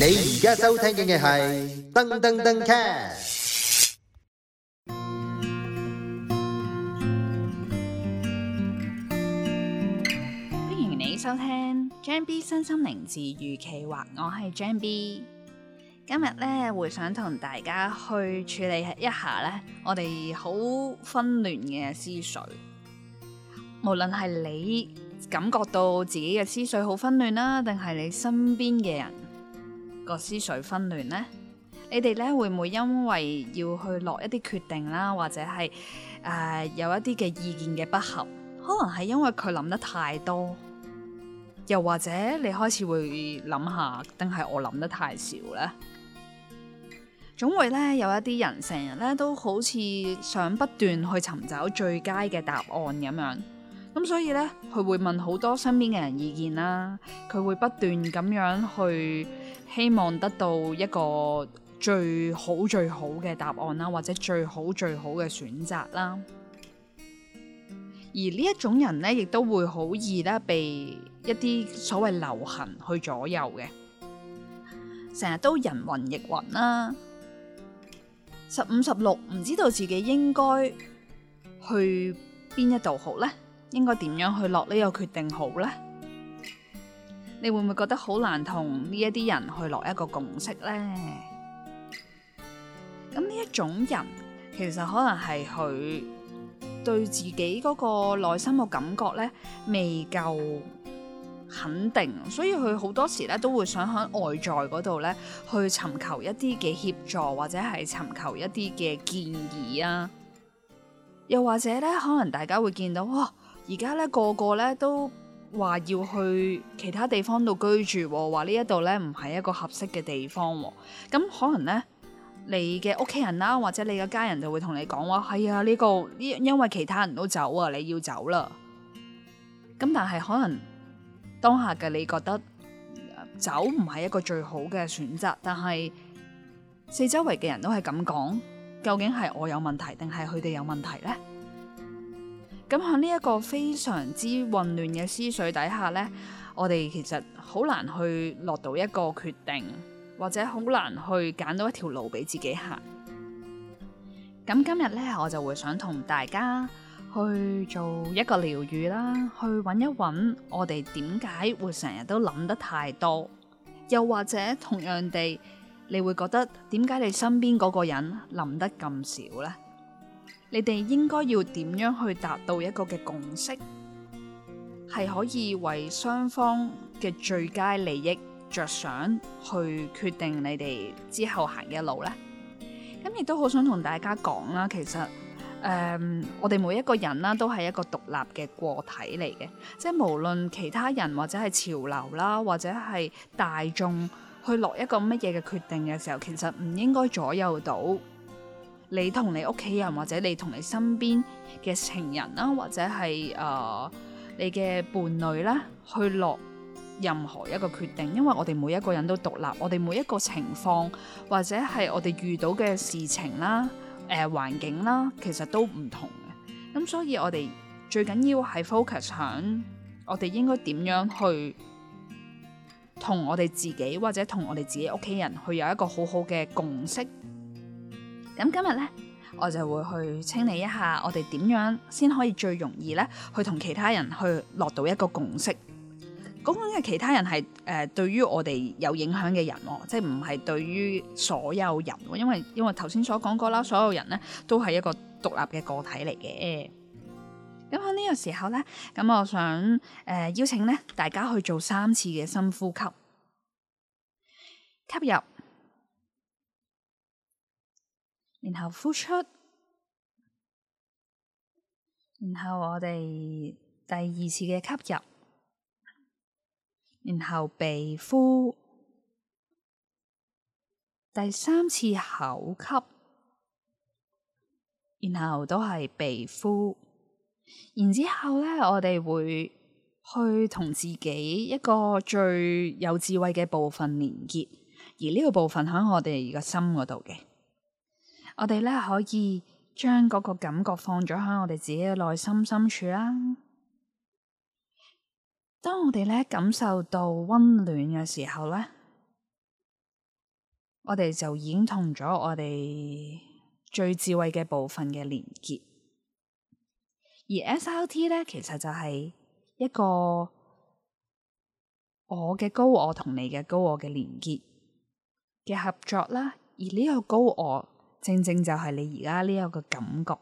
你而家收聽緊嘅係噔噔噔卡，歡迎你收聽張 B 身心靈治愈企劃。我係張 B，今日呢會想同大家去處理一下呢，我哋好紛亂嘅思緒。無論係你感覺到自己嘅思緒好紛亂啦，定係你身邊嘅人。個思緒紛亂呢，你哋咧會唔會因為要去落一啲決定啦，或者係誒、呃、有一啲嘅意見嘅不合，可能係因為佢諗得太多，又或者你開始會諗下，定係我諗得太少呢？總會咧有一啲人成日咧都好似想不斷去尋找最佳嘅答案咁樣。咁所以咧，佢會問好多身邊嘅人意見啦，佢會不斷咁樣去希望得到一個最好最好嘅答案啦，或者最好最好嘅選擇啦。而呢一種人咧，亦都會好易咧被一啲所謂流行去左右嘅，成日都人云亦云啦，十五十六，唔知道自己應該去邊一度好呢？應該點樣去落呢個決定好呢？你會唔會覺得好難同呢一啲人去落一個共識呢？咁呢一種人其實可能係佢對自己嗰個內心個感覺呢，未夠肯定，所以佢好多時呢都會想喺外在嗰度呢去尋求一啲嘅協助，或者係尋求一啲嘅建議啊。又或者呢，可能大家會見到哇～而家咧，個個咧都話要去其他地方度居住，話呢一度咧唔係一個合適嘅地方。咁可能咧，你嘅屋企人啦，或者你嘅家人就會同你講話：「係啊，呢個因因為其他人都走啊，你要走啦。咁但係可能當下嘅你覺得走唔係一個最好嘅選擇，但係四周圍嘅人都係咁講，究竟係我有問題定係佢哋有問題呢？」咁喺呢一個非常之混亂嘅思緒底下呢，我哋其實好難去落到一個決定，或者好難去揀到一條路俾自己行。咁今日呢，我就會想同大家去做一個療愈啦，去揾一揾我哋點解會成日都諗得太多，又或者同樣地，你會覺得點解你身邊嗰個人諗得咁少呢？你哋應該要點樣去達到一個嘅共識，係可以為雙方嘅最佳利益着想，去決定你哋之後行嘅路呢？咁、嗯、亦都好想同大家講啦，其實誒、呃，我哋每一個人啦，都係一個獨立嘅個體嚟嘅，即係無論其他人或者係潮流啦，或者係大眾，去落一個乜嘢嘅決定嘅時候，其實唔應該左右到。你同你屋企人，或者你同你身邊嘅情人啦，或者係誒、呃、你嘅伴侶啦，去落任何一個決定，因為我哋每一個人都獨立，我哋每一個情況或者係我哋遇到嘅事情啦、誒、呃、環境啦，其實都唔同嘅。咁所以我哋最緊要係 focus 喺我哋應該點樣去同我哋自己或者同我哋自己屋企人去有一個好好嘅共識。咁今日咧，我就會去清理一下我哋點樣先可以最容易咧，去同其他人去落到一個共識。講緊嘅其他人係誒，對於我哋有影響嘅人，即係唔係對於所有人。因為因為頭先所講過啦，所有人咧都係一個獨立嘅個體嚟嘅。咁喺呢個時候咧，咁我想誒、呃、邀請咧大家去做三次嘅深呼吸，吸入。然後呼出，然後我哋第二次嘅吸入，然後鼻呼，第三次口吸，然後都係鼻呼，然之後咧我哋會去同自己一個最有智慧嘅部分連結，而呢個部分喺我哋個心嗰度嘅。我哋咧可以將嗰個感覺放咗喺我哋自己嘅內心深處啦。當我哋咧感受到溫暖嘅時候咧，我哋就已經同咗我哋最智慧嘅部分嘅連結。而 SRT 咧，其實就係一個我嘅高我同你嘅高我嘅連結嘅合作啦。而呢個高我。正正就係你而家呢一個感覺，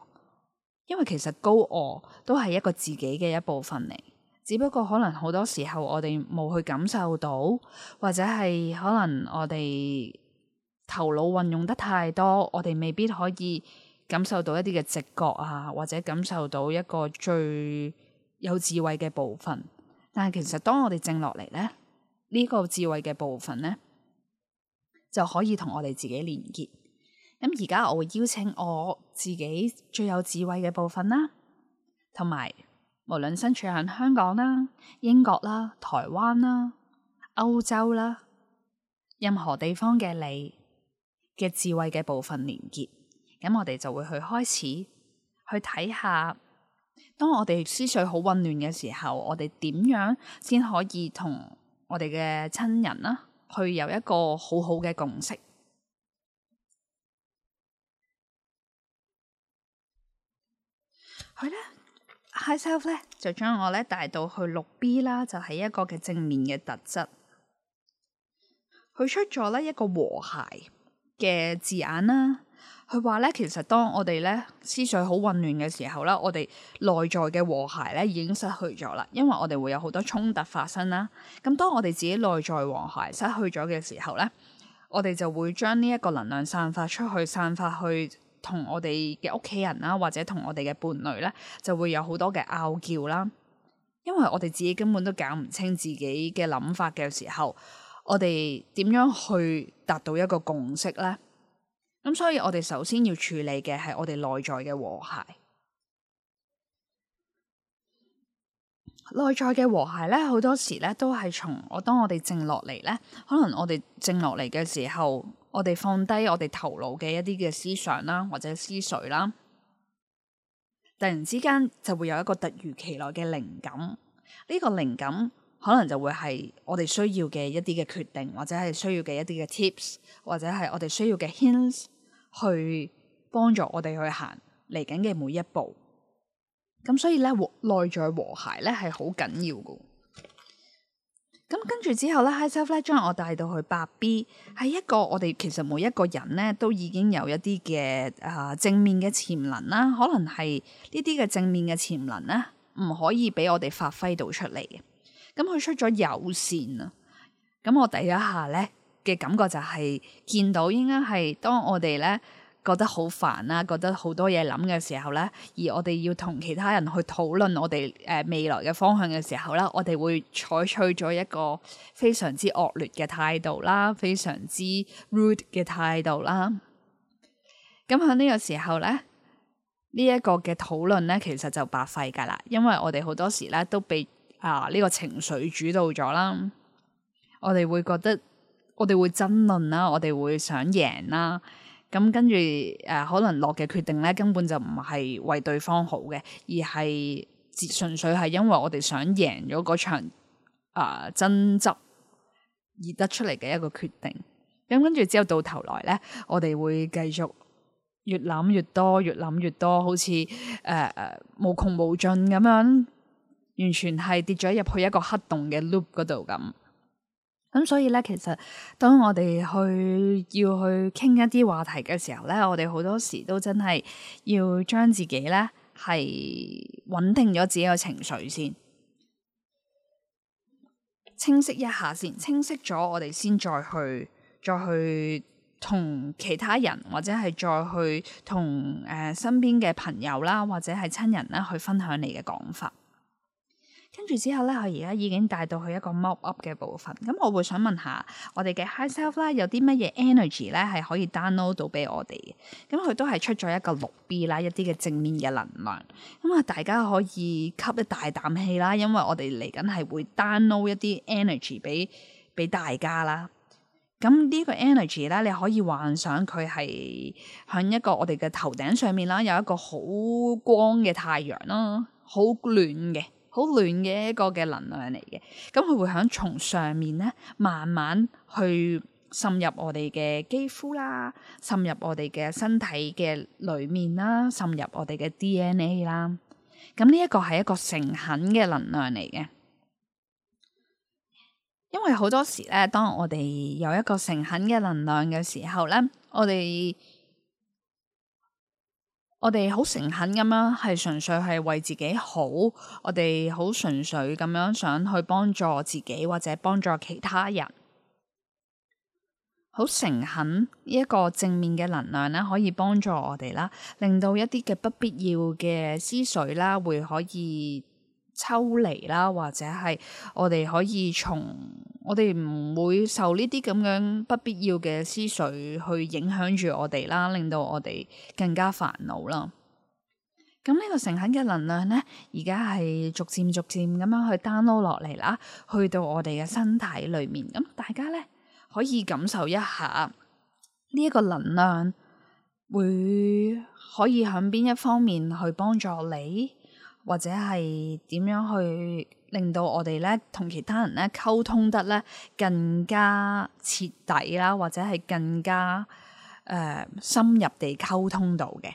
因為其實高傲都係一個自己嘅一部分嚟，只不過可能好多時候我哋冇去感受到，或者係可能我哋頭腦運用得太多，我哋未必可以感受到一啲嘅直覺啊，或者感受到一個最有智慧嘅部分。但係其實當我哋靜落嚟咧，呢個智慧嘅部分咧就可以同我哋自己連結。咁而家我會邀請我自己最有智慧嘅部分啦，同埋無論身處喺香港啦、英國啦、台灣啦、歐洲啦，任何地方嘅你嘅智慧嘅部分連結，咁我哋就會去開始去睇下，當我哋思緒好混亂嘅時候，我哋點樣先可以同我哋嘅親人啦，去有一個好好嘅共識。佢咧，Higher Self 咧就將我咧帶到去六 B 啦，就係一個嘅正面嘅特質。佢出咗咧一個和諧嘅字眼啦，佢話咧其實當我哋咧思緒好混亂嘅時候咧，我哋內在嘅和諧咧已經失去咗啦，因為我哋會有好多衝突發生啦。咁當我哋自己內在和諧失去咗嘅時候咧，我哋就會將呢一個能量散發出去，散發去。同我哋嘅屋企人啦，或者同我哋嘅伴侶咧，就會有好多嘅拗撬啦。因為我哋自己根本都搞唔清自己嘅諗法嘅時候，我哋點樣去達到一個共識咧？咁所以我哋首先要處理嘅係我哋內在嘅和諧。內在嘅和諧咧，好多時咧都係從我當我哋靜落嚟，咧，可能我哋靜落嚟嘅時候，我哋放低我哋頭腦嘅一啲嘅思想啦，或者思緒啦，突然之間就會有一個突如其來嘅靈感，呢個靈感可能就會係我哋需要嘅一啲嘅決定，或者係需要嘅一啲嘅 tips，或者係我哋需要嘅 hints 去幫助我哋去行嚟緊嘅每一步。咁所以咧，內在和諧咧係好緊要噶。咁跟住之後咧，self 咧將我帶到去八 B，係一個我哋其實每一個人咧都已經有一啲嘅啊正面嘅潛能啦，可能係呢啲嘅正面嘅潛能咧唔可以俾我哋發揮到出嚟嘅。咁佢出咗友善啊，咁我第一下咧嘅感覺就係、是、見到應該係當我哋咧。覺得好煩啦，覺得好多嘢諗嘅時候咧，而我哋要同其他人去討論我哋誒、呃、未來嘅方向嘅時候咧，我哋會採取咗一個非常之惡劣嘅態度啦，非常之 rude 嘅態度啦。咁喺呢個時候咧，呢、這、一個嘅討論咧，其實就白費㗎喇，因為我哋好多時咧都被啊呢、這個情緒主導咗啦，我哋會覺得我哋會爭論啦，我哋會想贏啦。咁跟住，誒、呃、可能落嘅決定咧，根本就唔係為對方好嘅，而係純粹係因為我哋想贏咗嗰場啊、呃、爭執而得出嚟嘅一個決定。咁、嗯、跟住之後到頭來咧，我哋會繼續越諗越多，越諗越多，好似誒無窮無盡咁樣，完全係跌咗入去一個黑洞嘅 loop 嗰度咁。咁所以咧，其實當我哋去要去傾一啲話題嘅時候咧，我哋好多時都真係要將自己咧係穩定咗自己嘅情緒先，清晰一下先，清晰咗我哋先再去再去同其他人或者係再去同誒身邊嘅朋友啦，或者係親人咧去分享你嘅講法。跟住之後咧，佢而家已經帶到去一個 mount up 嘅部分。咁我會想問下我哋嘅 high self 啦，有啲乜嘢 energy 咧係可以 download 到俾我哋嘅？咁佢都係出咗一個六 B 啦，一啲嘅正面嘅能量。咁啊，大家可以吸一大啖氣啦，因為我哋嚟緊係會 download 一啲 energy 俾俾大家啦。咁呢個 energy 咧，你可以幻想佢係響一個我哋嘅頭頂上面啦，有一個好光嘅太陽啦，好暖嘅。好暖嘅一個嘅能量嚟嘅，咁佢會響從上面咧，慢慢去滲入我哋嘅肌膚啦，滲入我哋嘅身體嘅裏面啦，滲入我哋嘅 DNA 啦。咁呢一個係一個誠懇嘅能量嚟嘅，因為好多時咧，當我哋有一個誠懇嘅能量嘅時候咧，我哋。我哋好誠懇咁樣，係純粹係為自己好，我哋好純粹咁樣想去幫助自己或者幫助其他人，好誠懇呢一個正面嘅能量咧，可以幫助我哋啦，令到一啲嘅不必要嘅思緒啦，會可以抽離啦，或者係我哋可以從。我哋唔會受呢啲咁樣不必要嘅思緒去影響住我哋啦，令到我哋更加煩惱啦。咁呢個誠懇嘅能量咧，而家係逐漸逐漸咁樣去 download 落嚟啦，去到我哋嘅身體裏面。咁大家咧可以感受一下呢一個能量會可以向邊一方面去幫助你，或者係點樣去，令到我哋咧同其他人咧溝通得咧更加徹底啦，或者係更加誒、呃、深入地溝通到嘅。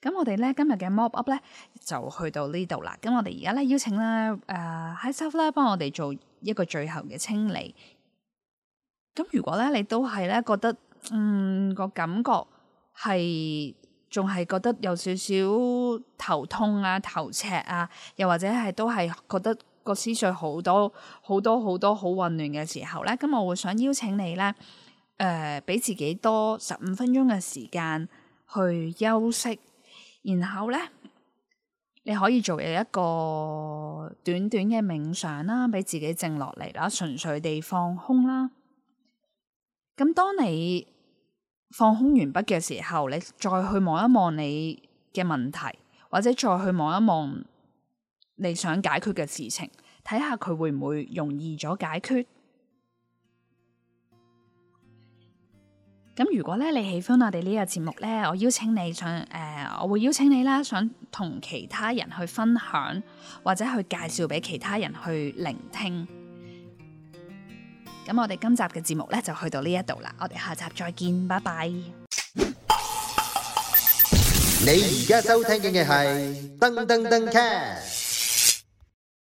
咁我哋咧今日嘅 mob up 咧就去到呢度啦。咁我哋而家咧邀請咧誒 head chef 咧幫我哋做一個最後嘅清理。咁如果咧你都係咧覺得嗯個感覺係。仲係覺得有少少頭痛啊、頭赤啊，又或者係都係覺得個思緒好多、好多、好多好混亂嘅時候呢。咁我會想邀請你呢，誒、呃、俾自己多十五分鐘嘅時間去休息，然後呢，你可以做一個短短嘅冥想啦，俾自己靜落嚟啦，純粹地放空啦。咁當你放空完畢嘅時候，你再去望一望你嘅問題，或者再去望一望你想解決嘅事情，睇下佢會唔會容易咗解決。咁 如果咧你喜歡我哋呢個節目呢，我邀請你想誒、呃，我會邀請你啦，想同其他人去分享，或者去介紹俾其他人去聆聽。咁我哋今集嘅節目咧就去到呢一度啦，我哋下集再見，拜拜！你而家收聽嘅係噔噔噔 c